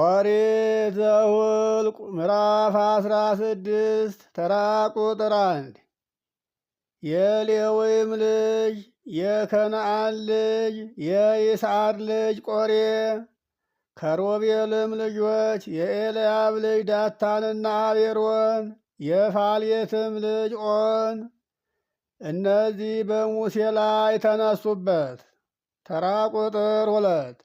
ኦሪት ዘኍልቍ ምዕራፍ አስራ ስድስት ተራ ቁጥር አንድ የሌዊም ልጅ የከነአን ልጅ የይስዓር ልጅ ቆሬ ከሮቤልም ልጆች የኤልያብ ልጅ ዳታንና አቤሮን የፋልየትም ልጅ ኦን እነዚህ በሙሴ ላይ ተነሱበት። ተራ ቁጥር ሁለት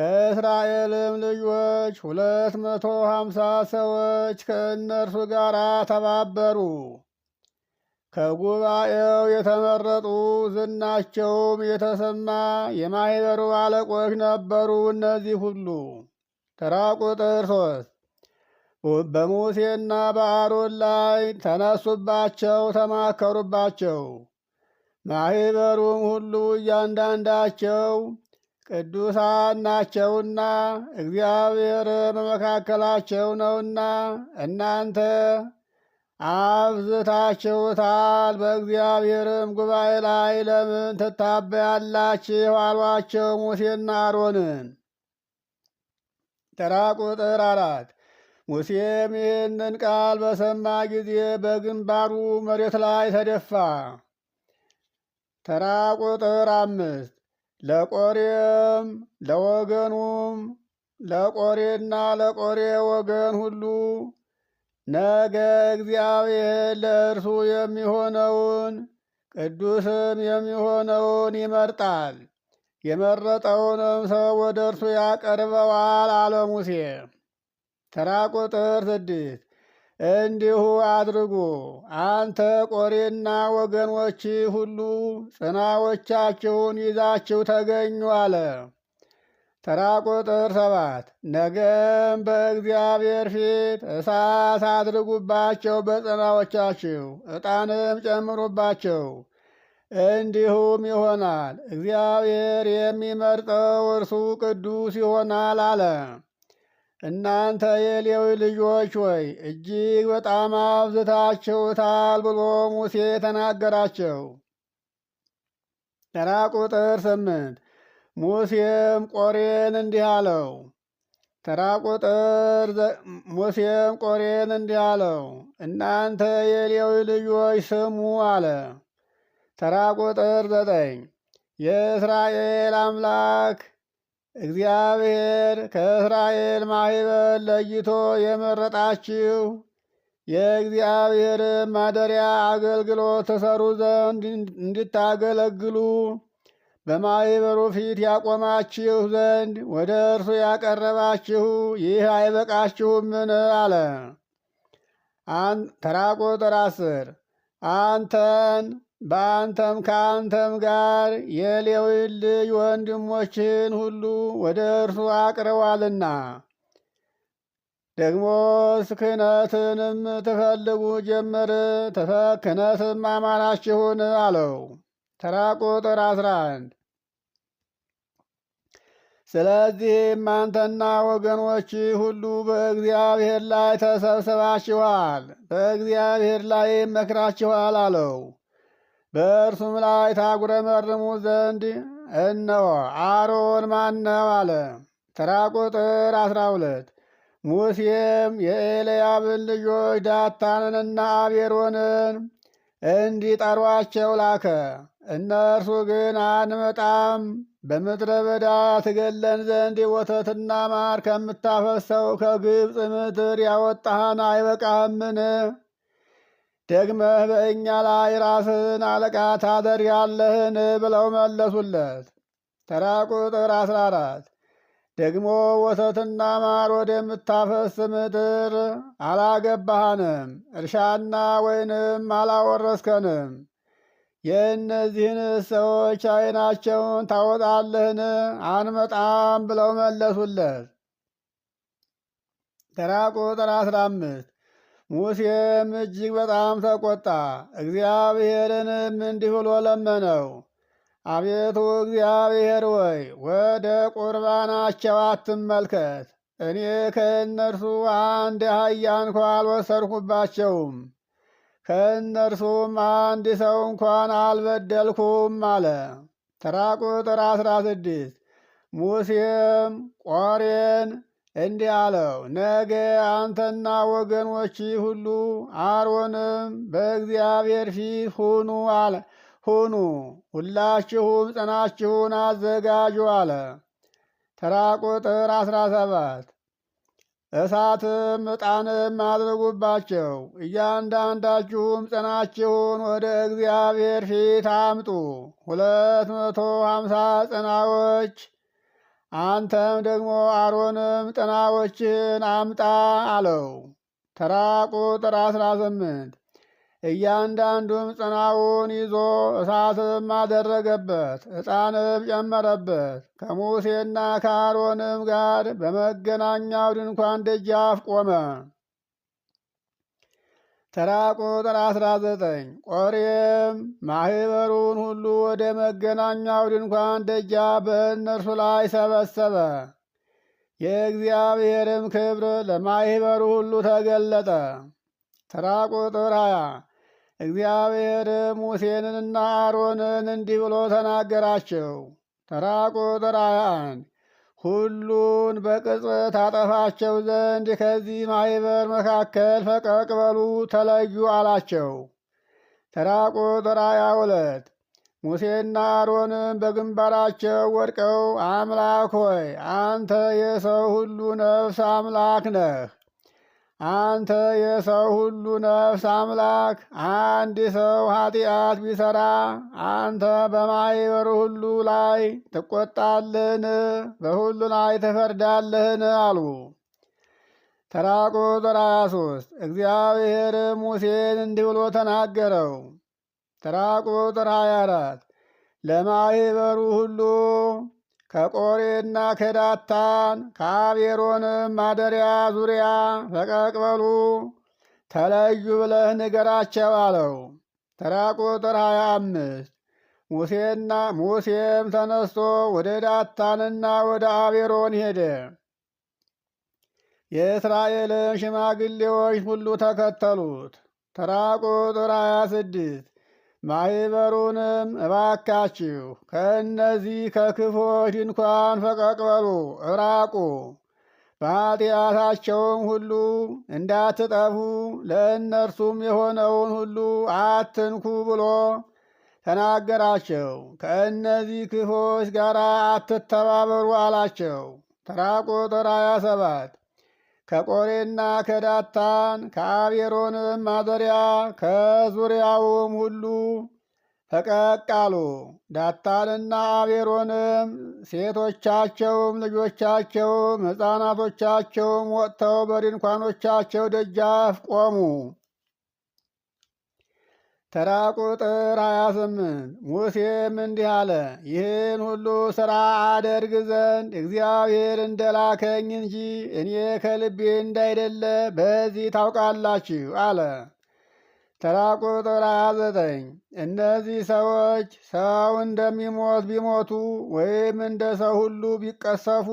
ከእስራኤልም ልጆች ሁለት መቶ ሀምሳ ሰዎች ከእነርሱ ጋር ተባበሩ። ከጉባኤው የተመረጡ ዝናቸውም የተሰማ የማኅበሩ አለቆች ነበሩ። እነዚህ ሁሉ ተራ ቁጥር ሶስት በሙሴና በአሮን ላይ ተነሱባቸው፣ ተማከሩባቸው። ማኅበሩም ሁሉ እያንዳንዳቸው ቅዱሳን ናቸውና እግዚአብሔር በመካከላቸው ነውና እናንተ አብዝታችሁታል። በእግዚአብሔርም ጉባኤ ላይ ለምን ትታበያላችሁ? አሏቸው ሙሴና አሮንን። ተራ ቁጥር አራት ሙሴም ይህንን ቃል በሰማ ጊዜ በግንባሩ መሬት ላይ ተደፋ። ተራ ቁጥር አምስት ለቆሬም ለወገኑም ለቆሬና ለቆሬ ወገን ሁሉ ነገ እግዚአብሔር ለእርሱ የሚሆነውን ቅዱስም የሚሆነውን ይመርጣል። የመረጠውንም ሰው ወደ እርሱ ያቀርበዋል አለ ሙሴ። ተራ ቁጥር ስድስት እንዲሁ አድርጉ። አንተ ቆሬና ወገኖች ሁሉ ጽናዎቻችሁን ይዛችሁ ተገኙ አለ። ተራ ቁጥር ሰባት ነገም በእግዚአብሔር ፊት እሳት አድርጉባቸው በጽናዎቻችሁ፣ ዕጣንም ጨምሩባቸው። እንዲሁም ይሆናል። እግዚአብሔር የሚመርጠው እርሱ ቅዱስ ይሆናል አለ። እናንተ የሌዊ ልጆች ሆይ እጅግ በጣም አብዝታችሁታል ብሎ ሙሴ ተናገራቸው። ተራ ቁጥር ስምንት ሙሴም ቆሬን እንዲህ አለው። ተራ ቁጥር ሙሴም ቆሬን እንዲህ አለው፣ እናንተ የሌዊ ልጆች ስሙ አለ። ተራ ቁጥር ዘጠኝ የእስራኤል አምላክ እግዚአብሔር ከእስራኤል ማኅበል ለይቶ የመረጣችሁ የእግዚአብሔር ማደሪያ አገልግሎት ተሰሩ ዘንድ እንድታገለግሉ በማኅበሩ ፊት ያቆማችሁ ዘንድ ወደ እርሱ ያቀረባችሁ ይህ አይበቃችሁምን? አለ ተራ ቁጥር አስር አንተን በአንተም ከአንተም ጋር የሌዊ ልጅ ወንድሞችን ሁሉ ወደ እርሱ አቅርቧልና ደግሞ ስክነትንም ትፈልጉ ጀመር። ተፈክነትም አማራችሁን አለው። ተራ ቁጥር ስለዚህም አንተና ወገኖች ሁሉ በእግዚአብሔር ላይ ተሰብስባችኋል፣ በእግዚአብሔር ላይ መክራችኋል አለው። በእርሱም ላይ ታጉረመርሙ ዘንድ እነሆ አሮን ማነው አለ። ተራ ቁጥር አስራ ሁለት ሙሴም የኤልያብን ልጆች ዳታንንና አቤሮንን እንዲጠሯቸው ላከ። እነርሱ ግን አንመጣም በምድረ በዳ ትገለን ዘንድ ወተትና ማር ከምታፈሰው ከግብፅ ምድር ያወጣህን አይበቃህምን? ደግመህ በእኛ ላይ ራስህን አለቃ ታደርጋለህን? ብለው መለሱለት። ተራ ቁጥር 14 ደግሞ ወተትና ማር ወደምታፈስ ምድር አላገባህንም፣ እርሻና ወይንም አላወረስከንም የእነዚህን ሰዎች ዓይናቸውን ታወጣለህን? አንመጣም ብለው መለሱለት። ተራ ቁጥር አስራ አምስት ሙሴም እጅግ በጣም ተቆጣ፣ እግዚአብሔርንም እንዲህ ብሎ ለመነው። አቤቱ እግዚአብሔር ወይ ወደ ቁርባናቸው አትመልከት፣ እኔ ከእነርሱ አንድ አህያ እንኳ አልወሰድኩባቸውም ከእነርሱም አንድ ሰው እንኳን አልበደልኩም አለ። ተራ ቁጥር አስራ ስድስት ሙሴም ቆሬን እንዲህ አለው፣ ነገ አንተና ወገኖች ሁሉ አሮንም በእግዚአብሔር ፊት ሁኑ አለ ሁኑ ሁላችሁም ጽናችሁን አዘጋጁ አለ። ተራ ቁጥር አስራ ሰባት እሳትም ዕጣንም አድርጉባቸው። እያንዳንዳችሁም ጽናችሁን ወደ እግዚአብሔር ፊት አምጡ። ሁለት መቶ ሀምሳ ጽናዎች፣ አንተም ደግሞ አሮንም ጥናዎችን አምጣ አለው። ተራ ቁጥር አስራ ስምንት እያንዳንዱም ጽናውን ይዞ እሳትም አደረገበት፣ ዕጣንም ጨመረበት። ከሙሴና ከአሮንም ጋር በመገናኛው ድንኳን ደጃፍ ቆመ። ተራ ቁጥር 19 ቆሬም ማህበሩን ሁሉ ወደ መገናኛው ድንኳን ደጃፍ በእነርሱ ላይ ሰበሰበ። የእግዚአብሔርም ክብር ለማህበሩ ሁሉ ተገለጠ። ተራ ቁጥር 20 እግዚአብሔርም ሙሴንና አሮንን እንዲህ ብሎ ተናገራቸው። ተራ ቁጥር ሁሉን በቅጽበት ታጠፋቸው ዘንድ ከዚህ ማኅበር መካከል ፈቀቅ በሉ፣ ተለዩ አላቸው። ተራ ቁጥር ሃያ ሁለት ሙሴና አሮንም በግንባራቸው ወድቀው አምላክ ሆይ አንተ የሰው ሁሉ ነፍስ አምላክ ነህ አንተ የሰው ሁሉ ነፍስ አምላክ፣ አንድ ሰው ኃጢአት ቢሰራ አንተ በማኅበሩ ሁሉ ላይ ትቆጣልህን በሁሉ ላይ ትፈርዳለህን? አሉ። ተራ ቁጥር ሦስት እግዚአብሔር ሙሴን እንዲህ ብሎ ተናገረው። ተራ ቁጥር 24 ለማኅበሩ ሁሉ ከቆሬና ከዳታን ከአቤሮንም ማደሪያ ዙሪያ ፈቀቅ ተለዩ ብለህ ንገራቸው አለው። ተራ ቁጥር 25 ሙሴና ሙሴም ተነስቶ ወደ ዳታንና ወደ አቤሮን ሄደ። የእስራኤልም ሽማግሌዎች ሁሉ ተከተሉት። ተራ ቁጥር ያስድስት ማይበሩንም እባካችሁ ከእነዚህ ከክፎች እንኳን ፈቀቅ በሉ እራቁ፣ በኃጢአታቸውም ሁሉ እንዳትጠፉ ለእነርሱም የሆነውን ሁሉ አትንኩ ብሎ ተናገራቸው። ከእነዚህ ክፎች ጋር አትተባበሩ አላቸው። ተራ ቁጥር 27 ከቆሬና ከዳታን ከአቤሮንም ማደሪያ ከዙሪያውም ሁሉ ፈቀቅ አሉ። ዳታንና አቤሮንም ሴቶቻቸውም ልጆቻቸውም ሕፃናቶቻቸውም ወጥተው በድንኳኖቻቸው ደጃፍ ቆሙ። ተራ ቁጥር 28 ሙሴም እንዲህ አለ፣ ይህን ሁሉ ሥራ አደርግ ዘንድ እግዚአብሔር እንደላከኝ እንጂ እኔ ከልቤ እንዳይደለ በዚህ ታውቃላችሁ አለ። ተራ ቁጥር 29 እነዚህ ሰዎች ሰው እንደሚሞት ቢሞቱ ወይም እንደ ሰው ሁሉ ቢቀሰፉ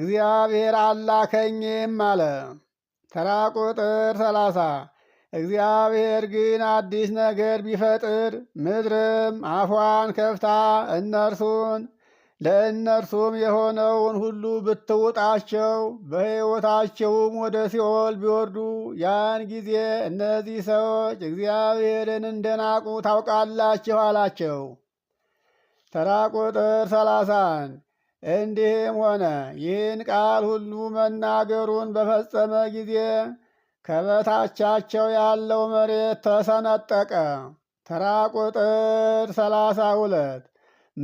እግዚአብሔር አላከኝም አለ። ተራ ቁጥር 30 እግዚአብሔር ግን አዲስ ነገር ቢፈጥር ምድርም አፏን ከፍታ እነርሱን ለእነርሱም የሆነውን ሁሉ ብትውጣቸው በሕይወታቸውም ወደ ሲኦል ቢወርዱ ያን ጊዜ እነዚህ ሰዎች እግዚአብሔርን እንደናቁ ታውቃላችሁ አላቸው። ተራ ቁጥር ሰላሳን እንዲህም ሆነ ይህን ቃል ሁሉ መናገሩን በፈጸመ ጊዜ ከበታቻቸው ያለው መሬት ተሰነጠቀ። ተራ ቁጥር ሰላሳ ሁለት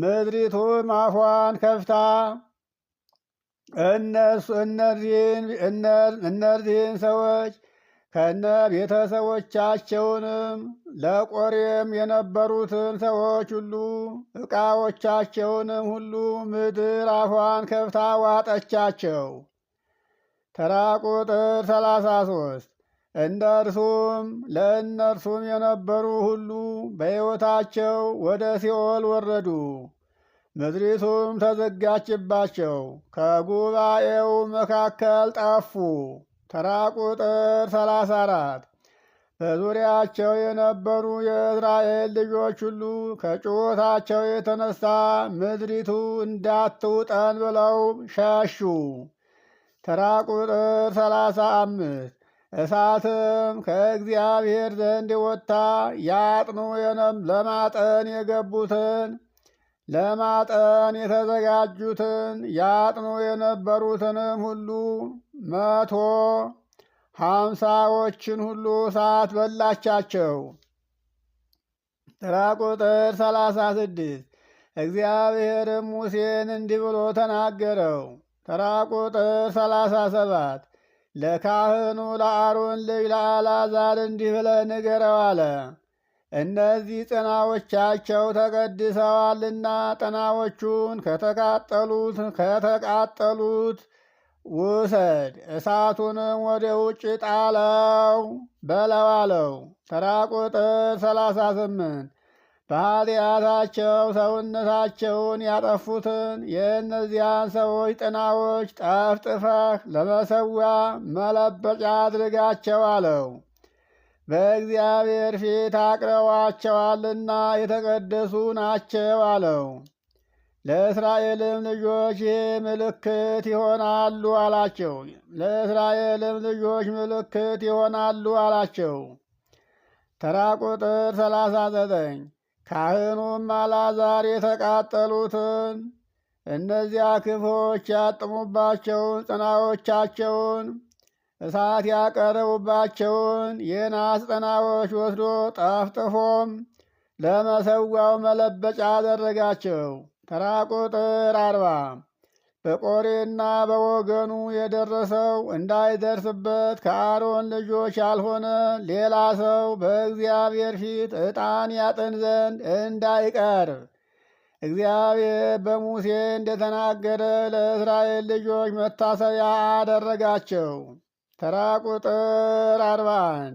ምድሪቱ አፏን ከፍታ እነሱ እነዚህን ሰዎች ከነ ቤተሰቦቻቸውንም ለቆሬም የነበሩትን ሰዎች ሁሉ ዕቃዎቻቸውንም ሁሉ ምድር አፏን ከፍታ ዋጠቻቸው። ተራ ቁጥር ሰላሳ ሶስት እንደ እርሱም ለእነርሱም የነበሩ ሁሉ በሕይወታቸው ወደ ሲኦል ወረዱ። ምድሪቱም ተዘጋችባቸው፣ ከጉባኤው መካከል ጠፉ። ተራ ቁጥር ሰላሳ አራት በዙሪያቸው የነበሩ የእስራኤል ልጆች ሁሉ ከጩኸታቸው የተነሳ ምድሪቱ እንዳትውጠን ብለው ሸሹ። ተራ ቁጥር ሰላሳ አምስት እሳትም ከእግዚአብሔር ዘንድ ወጥታ ያጥኑ ለማጠን የገቡትን ለማጠን የተዘጋጁትን ያጥኑ የነበሩትንም ሁሉ መቶ ሀምሳዎችን ሁሉ እሳት በላቻቸው። ጥራ ቁጥር ሰላሳ ስድስት እግዚአብሔርም ሙሴን እንዲህ ብሎ ተናገረው። ተራ ቁጥር ሰላሳ ሰባት ለካህኑ ለአሮን ልጅ ለአልዓዛር እንዲህ ብለህ ንገረው አለ። እነዚህ ጥናዎቻቸው ተቀድሰዋልና ጥናዎቹን ከተቃጠሉት ከተቃጠሉት ውሰድ፣ እሳቱንም ወደ ውጭ ጣለው በለው አለው። ተራ ቁጥር ሰላሳ ስምንት ባሪያታቸው ሰውነታቸውን ያጠፉትን የእነዚያን ሰዎች ጥናዎች ጠፍጥፈህ ለመሰዊያ መለበጫ አድርጋቸው አለው። በእግዚአብሔር ፊት አቅረዋቸዋልና የተቀደሱ ናቸው አለው። ለእስራኤልም ልጆች ይህ ምልክት ይሆናሉ አላቸው። ለእስራኤልም ልጆች ምልክት ይሆናሉ አላቸው። ተራ ቁጥር ሰላሳ ዘጠኝ ካህኑም ማላዛር የተቃጠሉትን እነዚያ ክፎች ያጥሙባቸውን ጽናዎቻቸውን እሳት ያቀረቡባቸውን የናስ ጽናዎች ወስዶ ጠፍጥፎም ለመሰዋው መለበጫ አደረጋቸው። ተራ ቁጥር አርባ በቆሬና በወገኑ የደረሰው እንዳይደርስበት ከአሮን ልጆች ያልሆነ ሌላ ሰው በእግዚአብሔር ፊት ዕጣን ያጥን ዘንድ እንዳይቀርብ እግዚአብሔር በሙሴ እንደተናገረ ለእስራኤል ልጆች መታሰቢያ አደረጋቸው። ተራ ቁጥር አርባን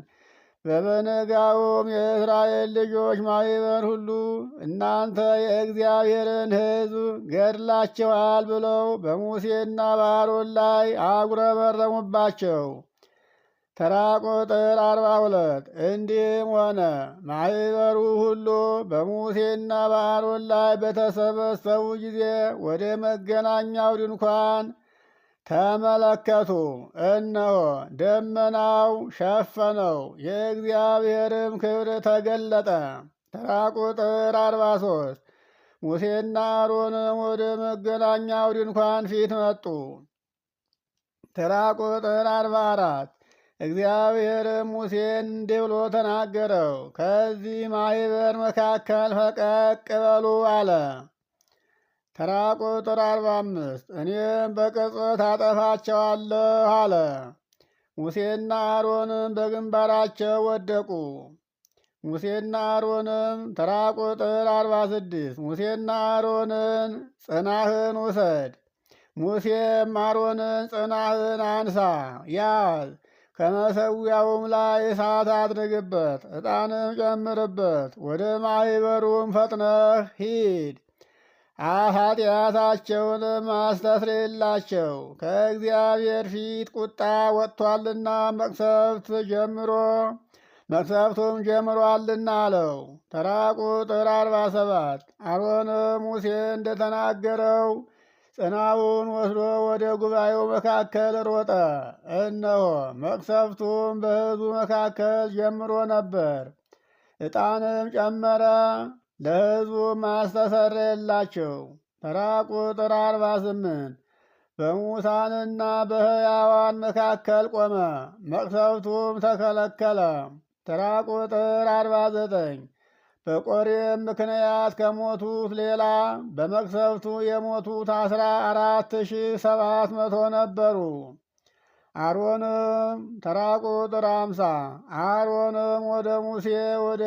በመነጋውም የእስራኤል ልጆች ማይበር ሁሉ እናንተ የእግዚአብሔርን ሕዝብ ገድላችኋል ብለው በሙሴና በአሮን ላይ አጉረመረሙባቸው። ተራ ቁጥር አርባ ሁለት እንዲህም ሆነ ማይበሩ ሁሉ በሙሴና በአሮን ላይ በተሰበሰቡ ጊዜ ወደ መገናኛው ድንኳን ተመለከቱ፣ እነሆ ደመናው ሸፈነው፣ የእግዚአብሔርም ክብር ተገለጠ። ተራ ቁጥር አርባ ሶስት ሙሴና አሮንም ወደ መገናኛው ድንኳን ፊት መጡ። ተራ ቁጥር አርባ አራት እግዚአብሔርም ሙሴን እንዲህ ብሎ ተናገረው፣ ከዚህ ማህበር መካከል ፈቀቅ በሉ አለ። ተራ ቁጥር አርባ አምስት እኔም በቅጽበት አጠፋቸዋለሁ አለ። ሙሴና አሮንም በግንባራቸው ወደቁ። ሙሴና አሮንም ተራ ቁጥር አርባ ስድስት ሙሴና አሮንን ጽናህን ውሰድ፣ ሙሴም አሮንን ጽናህን አንሳ ያዝ፣ ከመሰዊያውም ላይ እሳት አድርግበት፣ ዕጣንም ጨምርበት፣ ወደ ማይበሩም ፈጥነህ ሂድ ኃጢአታቸውንም አስተስርይላቸው ከእግዚአብሔር ፊት ቁጣ ወጥቷልና መቅሰፍት ጀምሮ መቅሰፍቱም ጀምሯልና አለው። ተራ ቁጥር አርባ ሰባት አሮንም ሙሴ እንደተናገረው ጽናውን ወስዶ ወደ ጉባኤው መካከል ሮጠ። እነሆ መቅሰፍቱም በሕዝቡ መካከል ጀምሮ ነበር። ዕጣንም ጨመረ። ለሕዝቡም አስተሰረየላቸው። ተራ ቁጥር አርባ ስምንት በሙታንና በሕያዋን መካከል ቆመ፣ መቅሰፍቱም ተከለከለ። ተራ ቁጥር አርባ ዘጠኝ በቆሬም ምክንያት ከሞቱት ሌላ በመቅሰፍቱ የሞቱት አስራ አራት ሺህ ሰባት መቶ ነበሩ። አሮንም ተራ ቁጥር አምሳ አሮንም ወደ ሙሴ ወደ